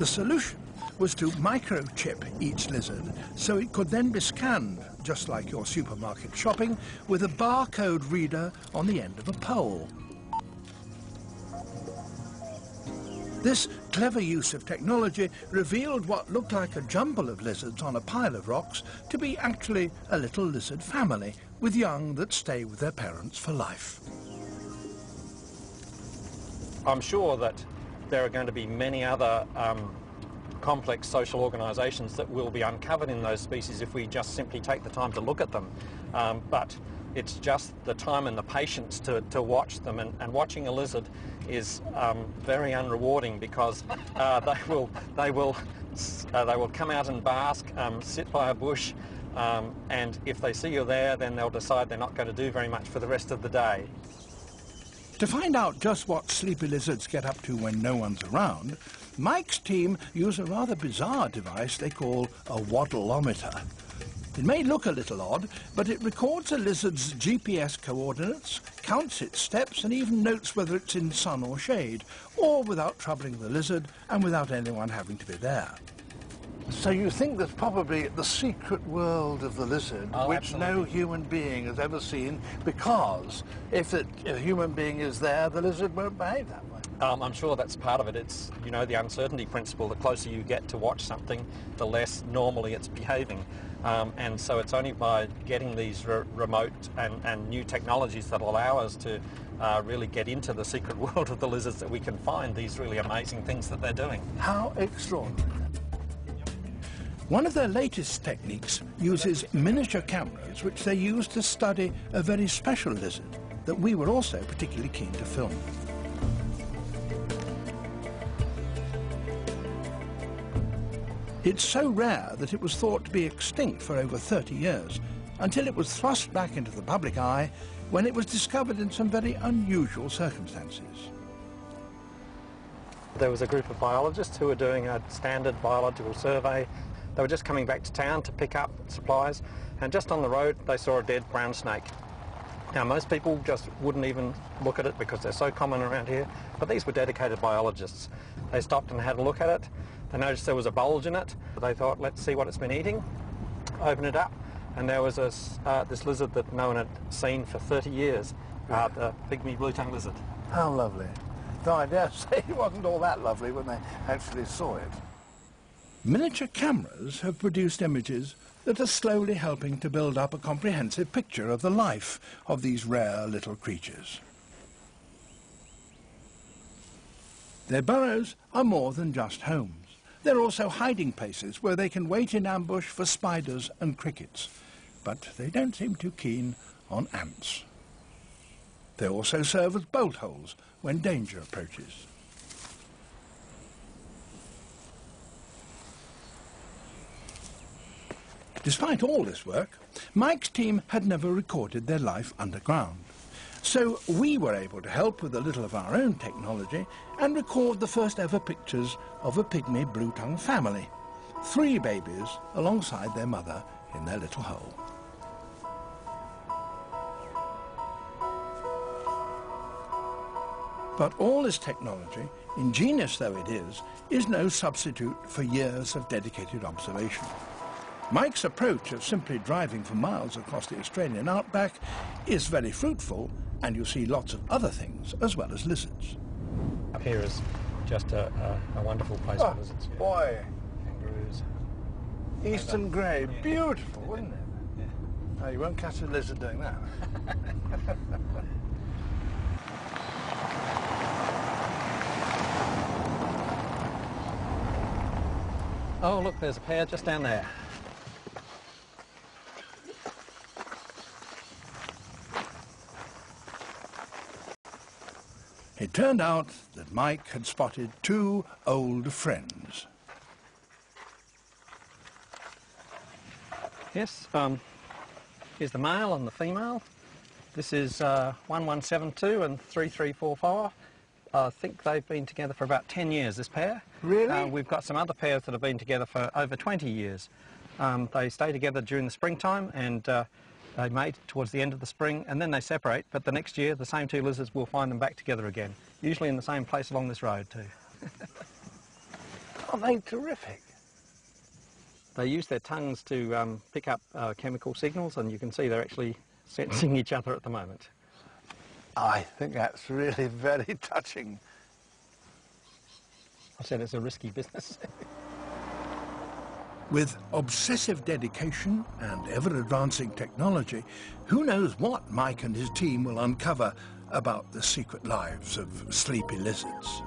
The solution was to microchip each lizard so it could then be scanned, just like your supermarket shopping, with a barcode reader on the end of a pole. This clever use of technology revealed what looked like a jumble of lizards on a pile of rocks to be actually a little lizard family with young that stay with their parents for life. I'm sure that there are going to be many other um, complex social organisations that will be uncovered in those species if we just simply take the time to look at them. Um, but it's just the time and the patience to, to watch them. And, and watching a lizard is um, very unrewarding because uh, they will they will uh, they will come out and bask, um, sit by a bush, um, and if they see you there, then they'll decide they're not going to do very much for the rest of the day. To find out just what sleepy lizards get up to when no one's around, Mike's team use a rather bizarre device they call a waddleometer. It may look a little odd, but it records a lizard's GPS coordinates, counts its steps, and even notes whether it's in sun or shade, all without troubling the lizard and without anyone having to be there. So you think that probably the secret world of the lizard, oh, which absolutely. no human being has ever seen, because if, it, if, a human being is there, the lizard won't behave that way. Um, I'm sure that's part of it. It's, you know, the uncertainty principle. The closer you get to watch something, the less normally it's behaving. Um, and so it's only by getting these re remote and, and, new technologies that allow us to uh, really get into the secret world of the lizards that we can find these really amazing things that they're doing. How extraordinary. One of their latest techniques uses miniature cameras, which they use to study a very special lizard that we were also particularly keen to film. It's so rare that it was thought to be extinct for over 30 years, until it was thrust back into the public eye when it was discovered in some very unusual circumstances. There was a group of biologists who were doing a standard biological survey they were just coming back to town to pick up supplies, and just on the road, they saw a dead brown snake. Now, most people just wouldn't even look at it because they're so common around here, but these were dedicated biologists. They stopped and had a look at it. They noticed there was a bulge in it. They thought, let's see what it's been eating. Open it up, and there was uh, this lizard that no one had seen for 30 years, uh, the pygmy blue-tongued lizard. How lovely. Though I dare say it wasn't all that lovely when they actually saw it miniature cameras have produced images that are slowly helping to build up a comprehensive picture of the life of these rare little creatures. Their burrows are more than just homes. They're also hiding places where they can wait in ambush for spiders and crickets. But they don't seem too keen on ants. They also serve as bolt holes when danger approaches. Despite all this work, Mike's team had never recorded their life underground. So we were able to help with a little of our own technology and record the first ever pictures of a pygmy blue tongue family, three babies alongside their mother in their little hole. But all this technology, ingenious though it is, is no substitute for years of dedicated observation. Mike's approach of simply driving for miles across the Australian outback is very fruitful, and you see lots of other things as well as lizards. Up here is just a, a, a wonderful place oh, for ah, lizards. Yeah. Boy. Kangaroos. Eastern Over. grey, yeah. beautiful, yeah. isn't it? Yeah. Oh, you won't catch a lizard doing that. oh, look, there's a pair just down there. It turned out that Mike had spotted two old friends. Yes, um, here's the male and the female. This is uh, 1172 and 3345. I think they've been together for about 10 years, this pair. Really? Uh, we've got some other pairs that have been together for over 20 years. Um, they stay together during the springtime and uh, they mate towards the end of the spring and then they separate, but the next year the same two lizards will find them back together again, usually in the same place along this road too. Aren't they terrific? They use their tongues to um, pick up uh, chemical signals and you can see they're actually sensing each other at the moment. I think that's really very touching. I said it's a risky business. With obsessive dedication and ever-advancing technology, who knows what Mike and his team will uncover about the secret lives of sleepy lizards.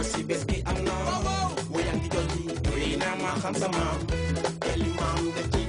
ma si bés bi am not. wóyang di jot yi. rëy ma xam sama. te li am